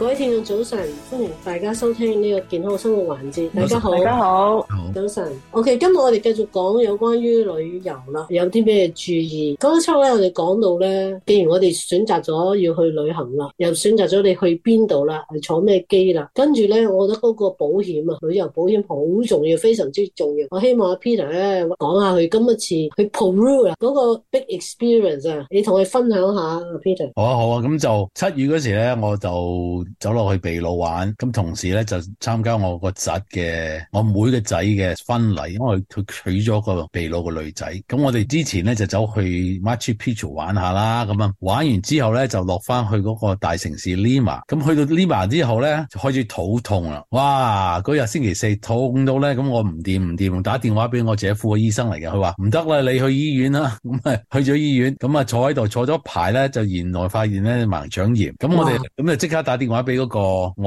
各位聽眾早晨，歡迎大家收聽呢個健康生活環節。晨大家好，大家好，早晨。OK，今日我哋繼續講有關於旅遊啦，有啲咩注意？剛才咧我哋講到咧，既然我哋選擇咗要去旅行啦，又選擇咗你去邊度啦，係坐咩機啦，跟住咧，我覺得嗰個保險啊，旅遊保險好重要，非常之重要。我希望阿 Peter 咧講下佢今一次去 Peru 啦嗰個 big experience 啊，你同佢分享下 Peter。好啊好啊，咁、啊、就七月嗰時咧我就。走落去秘魯玩，咁同時咧就參加我個侄嘅，我妹嘅仔嘅婚禮，因為佢娶咗個秘魯個女仔。咁我哋之前咧就走去 Machu Picchu 玩下啦，咁啊玩完之後咧就落翻去嗰個大城市 Lima。咁去到 Lima 之後咧就開始肚痛啦，哇！嗰日星期四痛到咧，咁我唔掂唔掂，打電話俾我姐夫個醫生嚟嘅，佢話唔得啦，你去醫院啦。咁 啊去咗醫院，咁啊坐喺度坐咗排咧，就原來發現咧盲腸炎。咁我哋咁哇就即刻打電話。打俾嗰、那個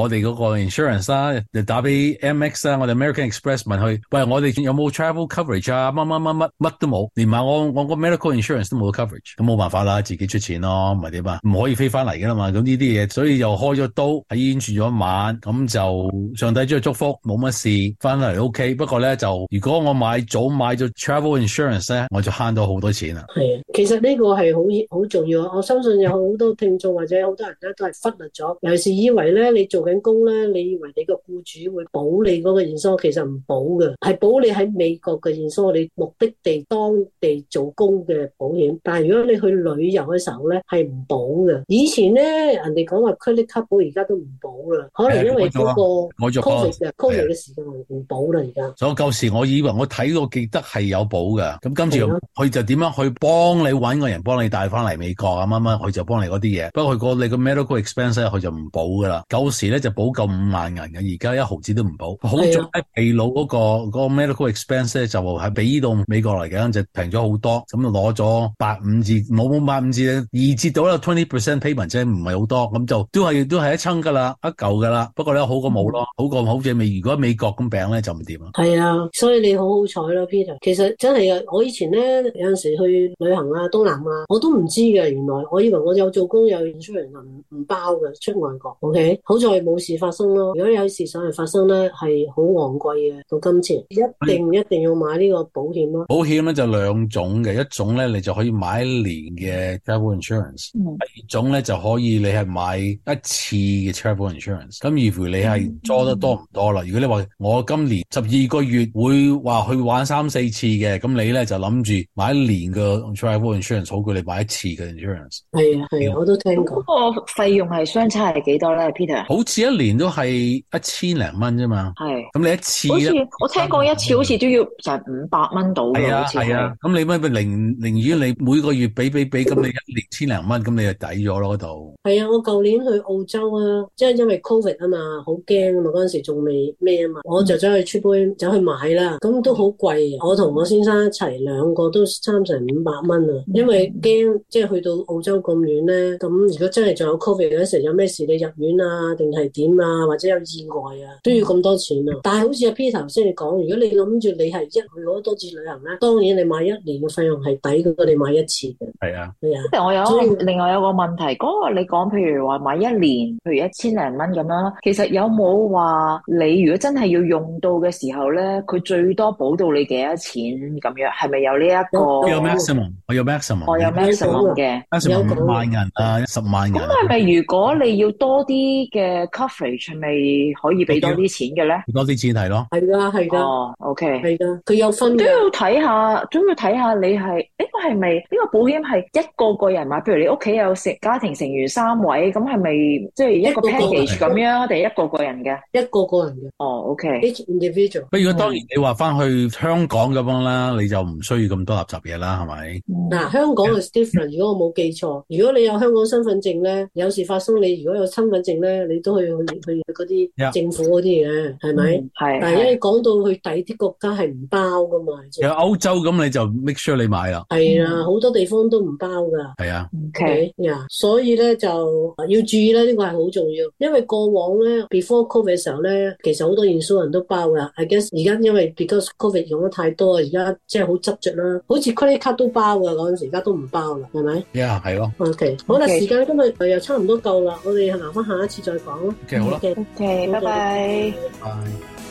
我哋嗰個 insurance 啦，就打俾 MX 啦，我哋、啊啊、American Express 問佢，喂，我哋有冇 travel coverage 啊？乜乜乜乜乜都冇，連埋我我個 medical insurance 都冇 coverage，咁冇辦法啦，自己出錢咯，唔係點啊？唔可以飛翻嚟噶啦嘛，咁呢啲嘢，所以又開咗刀喺醫院住咗一晚，咁就上帝即係祝福，冇乜事，翻嚟 OK。不過咧，就如果我買早買咗 travel insurance 咧，我就慳到好多錢啦。係啊，其實呢個係好好重要啊！我相信有好多聽眾或者好多人咧都係忽略咗，尤以為咧你做緊工咧，你以為你個僱主會保你嗰個延收？其實唔保嘅，係保你喺美國嘅延收，你目的地當地做工嘅保險。但係如果你去旅遊嘅時候咧，係唔保嘅。以前咧人哋講話 credit card 保，而家都唔保啦，可能因為嗰 covid 嘅的時間唔保啦，而家。所以舊時我，我以為我睇過記得係有保㗎。咁今次佢的就點樣去幫你搵個人幫你帶翻嚟美國啊乜乜，佢就幫你嗰啲嘢。Expense，不過佢個你個 medical expense 佢就唔保。噶啦，舊時咧就補夠五萬銀嘅，而家一毫子都唔補。好在咧、那個，秘魯嗰個個 medical expense 咧就係比呢度美國嚟嘅就平咗好多，咁就攞咗八五折，冇冇八五折，二折到啦，twenty percent payment 即係唔係好多，咁就都係都係一親噶啦，一舊噶啦。不過咧好過冇咯，好過好似美如果美國咁病咧就唔掂啊。係啊，所以你好好彩咯，Peter。其實真係啊，我以前咧有陣時候去旅行啊，東南亞我都唔知嘅，原來我以為我有做工又出嚟唔唔包嘅出外國。O、okay? K，好在冇事發生咯。如果有事上去發生咧，係好昂貴嘅到今次一定是一定要買呢個保險咯。保險咧就兩種嘅，一種咧你就可以買一年嘅 travel insurance，第、嗯、二種咧就可以你係買一次嘅 travel insurance。咁而乎你係 d 得多唔多啦？如果你話、嗯、我今年十二個月會話去玩三四次嘅，咁你咧就諗住買一年嘅 travel insurance 好過你買一次嘅 insurance 的。係啊，係啊，我都聽過。嗰個費用係相差係幾多？Peter? 好似一年都係一千零蚊啫嘛，係是。咁你一次好似我聽過一次好似都要成五百蚊到，係啊，係啊的。咁你咪零零？如果你每個月俾俾俾，咁你一年一千零蚊，咁你就抵咗咯，度係啊，我舊年去澳洲啊，即係因為 covid 啊嘛，好驚啊嘛，嗰陣時仲未咩啊嘛，我就走去出杯，走去買啦。咁都好貴，我同我先生一齊兩個都三成五百蚊啊。因為驚，即係去到澳洲咁遠咧，咁如果真係仲有 covid 嗰時，有咩事你就。遠啊，定係點啊，或者有意外啊，都要咁多錢啊。但係好似阿 Peter 頭先你講，如果你諗住你係一去好多次旅行咧，當然你買一年嘅費用係抵過你買一次嘅。係啊，係啊。另外以我有以另外有個問題，嗰、嗰個你講，譬如話買一年，譬如一千零蚊咁啦，其實有冇話你如果真係要用到嘅時候咧，佢最多保到你幾多錢咁樣？係咪有呢一個？啊、maximum, 我有 maximum，我有 maximum，我有 maximum 嘅，maximum 五萬銀啊，十萬銀。咁係咪如果你要多？啲嘅 coverage 係咪可以俾多啲錢嘅咧？多啲錢係咯，係㗎，係㗎 OK 係㗎。佢、oh, okay. 有分都要睇下，都要睇下你係呢個係咪呢個保險係一個個人買？譬如你屋企有成家庭成員三位，咁係咪即係一個 package 咁樣？定一個個人嘅，樣的一個個人嘅，哦、oh,，OK，each okay. individual、嗯。不過當然你話翻去香港咁樣啦，你就唔需要咁多垃圾嘢啦，係咪？嗱、嗯，香港 s, Yeah . is different。如果我冇記錯，如果你有香港身份證咧，有事發生你如果有親證件咧，你都去去去嗰啲政府嗰啲嘢，係咪，yeah.？係、嗯。嗯，但係因為講到去第啲國家係唔包噶嘛。有歐洲，咁你就 make sure 你買啦。係啊，嗯，好多地方都唔包噶。係啊。O K，啊，所以咧就要注意呢，呢，這個係好重要。因為過往咧，before COVID 嘅時候咧，其實好多 Insurance 人都包噶。I guess 而家因為 because COVID 用得太多，而家即係好執着啦。好似 credit card 都包噶嗰陣時都不包，而家都唔包啦，係咪？呀，係咯。O K，好啦，時間今日又差唔多夠啦，我哋係返。下一次再講咯。Okay，好啦。謝 OK，拜拜。拜。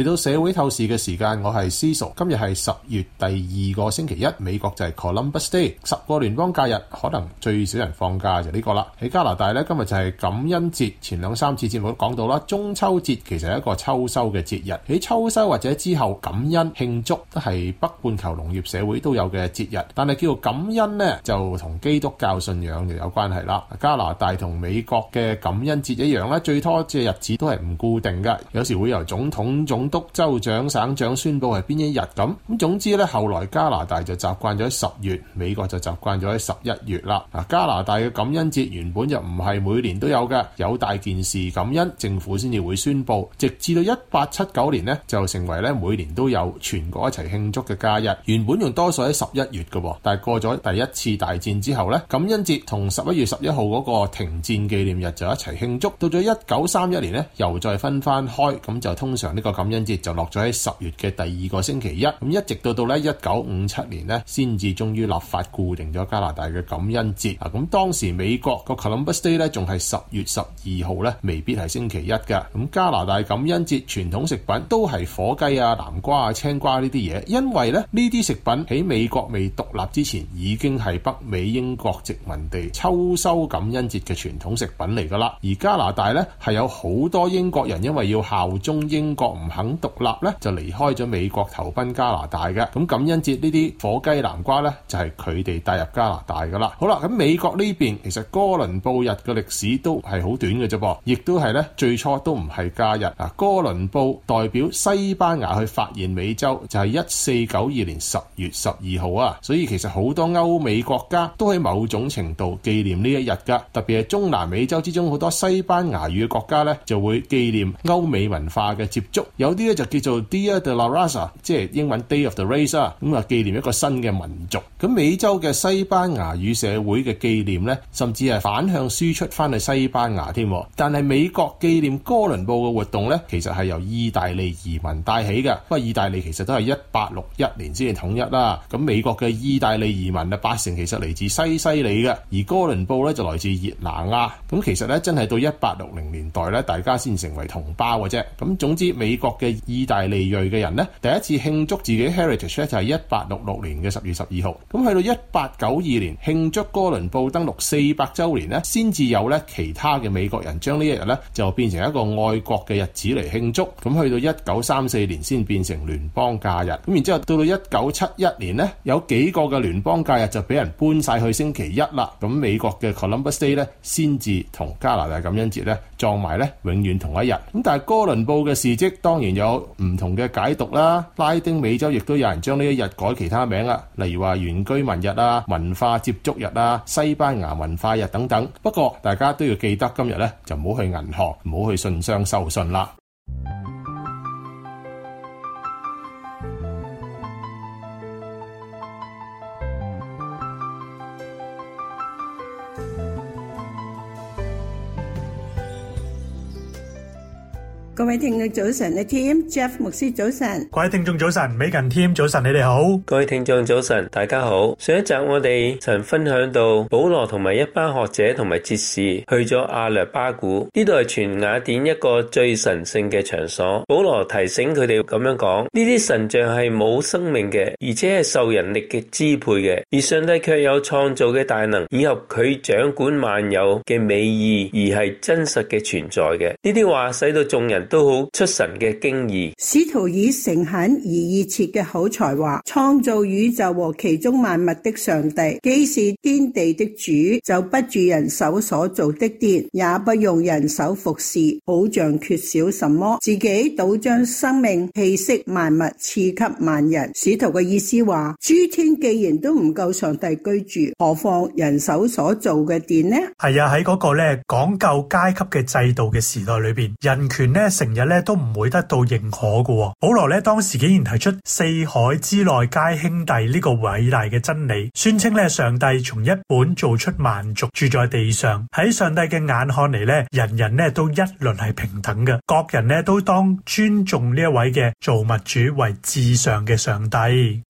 嚟到社會透視嘅時間，我係司徒今日係十月第二個星期一，美國就係 Columbus Day，十個聯邦假日可能最少人放假就呢個啦。喺加拿大呢，今日就係感恩節。前兩三次節目都講到啦，中秋節其實係一個秋收嘅節日，喺秋收或者之後感恩慶祝都係北半球農業社會都有嘅節日。但係叫做感恩呢，就同基督教信仰就有關係啦。加拿大同美國嘅感恩節一樣啦，最多嘅日子都係唔固定嘅，有時會由總統總督州長、省長宣佈係邊一日咁咁，總之咧，後來加拿大就習慣咗喺十月，美國就習慣咗喺十一月啦。加拿大嘅感恩節原本就唔係每年都有嘅，有大件事感恩，政府先至會宣佈，直至到一八七九年呢，就成為咧每年都有全國一齊慶祝嘅假日。原本用多數喺十一月嘅，但係過咗第一次大戰之後咧，感恩節同十一月十一號嗰個停戰紀念日就一齊慶祝。到咗一九三一年咧，又再分翻開咁，就通常呢個感。感恩節就落咗喺十月嘅第二個星期一，咁一直到到咧一九五七年呢，先至終於立法固定咗加拿大嘅感恩節。嗱，咁當時美國個 Columbus Day 咧仲係十月十二號咧，未必係星期一噶。咁加拿大感恩節傳統食品都係火雞啊、南瓜啊、青瓜呢啲嘢，因為咧呢啲食品喺美國未獨立之前，已經係北美英國殖民地秋收感恩節嘅傳統食品嚟噶啦。而加拿大呢係有好多英國人，因為要效忠英國唔。等獨立咧，就離開咗美國投奔加拿大嘅。咁感恩節呢啲火雞、南瓜咧，就係佢哋帶入加拿大噶啦。好啦，咁美國呢邊其實哥倫布日嘅歷史都係好短嘅啫噃，亦都係咧最初都唔係假日。啊，哥倫布代表西班牙去發現美洲，就係一四九二年十月十二號啊。所以其實好多歐美國家都喺某種程度紀念呢一日㗎，特別係中南美洲之中好多西班牙語嘅國家咧，就會紀念歐美文化嘅接觸。有啲咧就叫做 Dia de la Raza，即係英文 Day of the Race，咁啊紀念一個新嘅民族。咁美洲嘅西班牙語社會嘅紀念呢，甚至係反向輸出翻去西班牙添。但係美國紀念哥倫布嘅活動呢，其實係由意大利移民帶起嘅。咁意大利其實都係一八六一年先至統一啦。咁美國嘅意大利移民啊，八成其實嚟自西西里嘅，而哥倫布咧就來自熱那亞。咁其實咧，真係到一八六零年代咧，大家先成為同胞嘅啫。咁總之美國嘅意大利裔嘅人咧，第一次慶祝自己 heritage 咧就係一八六六年嘅十月十二號，咁去到一八九二年慶祝哥倫布登陸四百周年咧，先至有咧其他嘅美國人將這一呢一日咧就變成一個愛國嘅日子嚟慶祝。咁去到一九三四年先變成聯邦假日。咁然之後到到一九七一年咧，有幾個嘅聯邦假日就俾人搬晒去星期一啦。咁美國嘅 Columbus Day 咧先至同加拿大感恩節咧撞埋咧永遠同一日。咁但係哥倫布嘅事跡當然。有唔同嘅解讀啦，拉丁美洲亦都有人將呢一日改其他名啦，例如話原居民日啊、文化接觸日啊、西班牙文化日等等。不過大家都要記得，今日咧就唔好去銀行，唔好去信箱收信啦。各位聽眾早晨，T.M. Jeff 牧師早晨。各位聽眾早晨，美勤 T.M. 早晨，你哋好。各位聽眾早晨，大家好。上一集我哋曾分享到，保羅同埋一班學者同埋哲士去咗阿略巴古，呢度係全雅典一個最神聖嘅場所。保羅提醒佢哋咁樣講：呢啲神像係冇生命嘅，而且係受人力嘅支配嘅；而上帝卻有創造嘅大能，以及佢掌管萬有嘅美意，而係真實嘅存在嘅。呢啲話使到眾人。都好出神嘅驚異。使徒以誠懇而熱切嘅好才華，創造宇宙和其中萬物的上帝，既是天地的主，就不住人手所造的殿，也不用人手服侍，好像缺少什麼，自己倒將生命氣息萬物賜給萬人。使徒嘅意思話：諸天既然都唔夠上帝居住，何況人手所造嘅殿呢？係啊，喺嗰個咧講究階級嘅制度嘅時代裏邊，人權呢。成日咧都唔會得到認可噶。保羅咧當時竟然提出四海之內皆兄弟呢個偉大嘅真理，宣稱咧上帝從一本造出萬族，住在地上。喺上帝嘅眼看嚟咧，人人咧都一律係平等嘅，各人咧都當尊重呢一位嘅造物主為至上嘅上帝。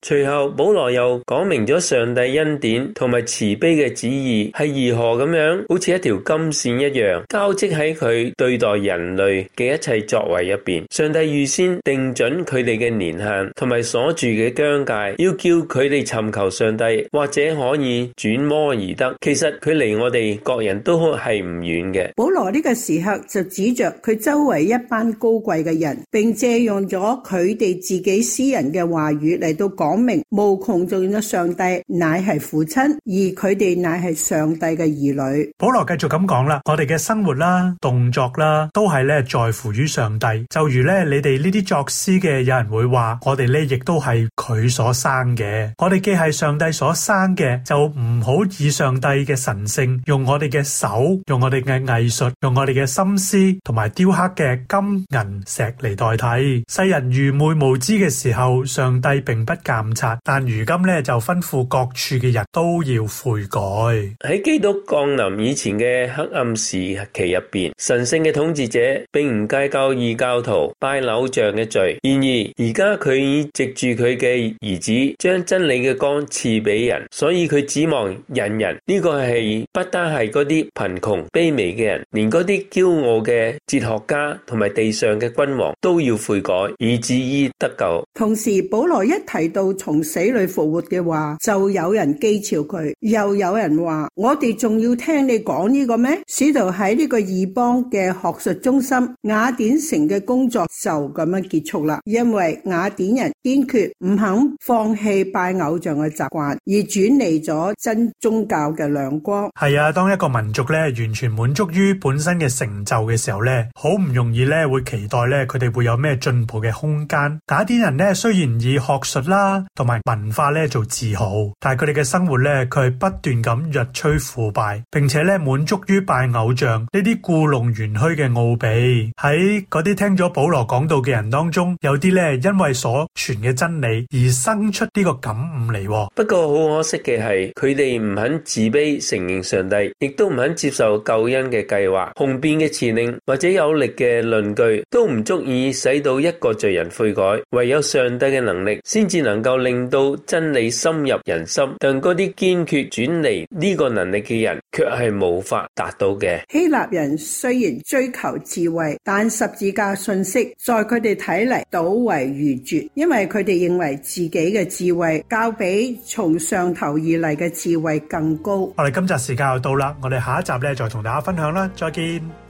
隨後保羅又講明咗上帝恩典同埋慈悲嘅旨意係如何咁樣，好似一條金線一樣交織喺佢對待人類嘅一切。上帝作為一邊，上帝預先定準佢哋嘅年限，同埋所住嘅疆界，要叫佢哋尋求上帝，或者可以轉魔而得。其實佢離我哋各人都係唔遠嘅。保羅呢個時刻就指着佢周圍一班高貴嘅人，並借用咗佢哋自己私人嘅話語嚟到講明，無窮盡嘅上帝乃係父親，而佢哋乃係上帝嘅兒女。保羅繼續咁講啦，我哋嘅生活啦、動作啦，都係咧在乎於。與上帝，就如咧，你哋呢啲作詩嘅，有人會話我哋咧，亦都係佢所生嘅。我哋既係上帝所生嘅，就唔好以上帝嘅神聖，用我哋嘅手，用我哋嘅藝術，用我哋嘅心思同埋雕刻嘅金銀石嚟代替。世人愚昧無知嘅時候，上帝並不監察，但如今咧就吩咐各處嘅人都要悔改。喺基督降臨以前嘅黑暗時期入邊，神聖嘅統治者並唔計教異教徒拜偶像嘅罪，然而而家佢已藉住佢嘅兒子，將真理嘅光賜俾人，所以佢指望引人，人。呢個係不單係嗰啲貧窮卑微嘅人，連嗰啲驕傲嘅哲學家同埋地上嘅君王都要悔改以至於得救。同時，保羅一提到從死裏復活嘅話，就有人譏嘲佢，又有人話：我哋仲要聽你講呢個咩？使徒喺呢個異邦嘅學術中心雅。建成嘅工作就咁樣結束啦，因為雅典人堅決唔肯放棄拜偶像嘅習慣，而轉離咗真宗教嘅亮光。係啊，當一個民族咧完全滿足於本身嘅成就嘅時候咧，好唔容易咧會期待咧佢哋會有咩進步嘅空間。雅典人咧雖然以學術啦同埋文化咧做自豪，但係佢哋嘅生活咧佢係不斷咁日趨腐敗，並且咧滿足於拜偶像呢啲故弄玄虛嘅奧秘喺。嗰啲聽咗保羅講道嘅人當中，有啲咧因為所傳嘅真理而生出呢個感悟嚟、哦。不過好可惜嘅係，佢哋唔肯自卑承認上帝，亦都唔肯接受救恩嘅計劃。雄辯嘅辭令或者有力嘅論據都唔足以使到一個罪人悔改。唯有上帝嘅能力先至能夠令到真理深入人心。但嗰啲堅決轉離呢個能力嘅人，卻係無法達到嘅。希臘人雖然追求智慧，但是十字架信息，在佢哋睇嚟，倒為愚拙，因為佢哋認為自己嘅智慧，較比從上頭而嚟嘅智慧更高。我哋今集時間又到啦，我哋下一集咧，再同大家分享啦，再見。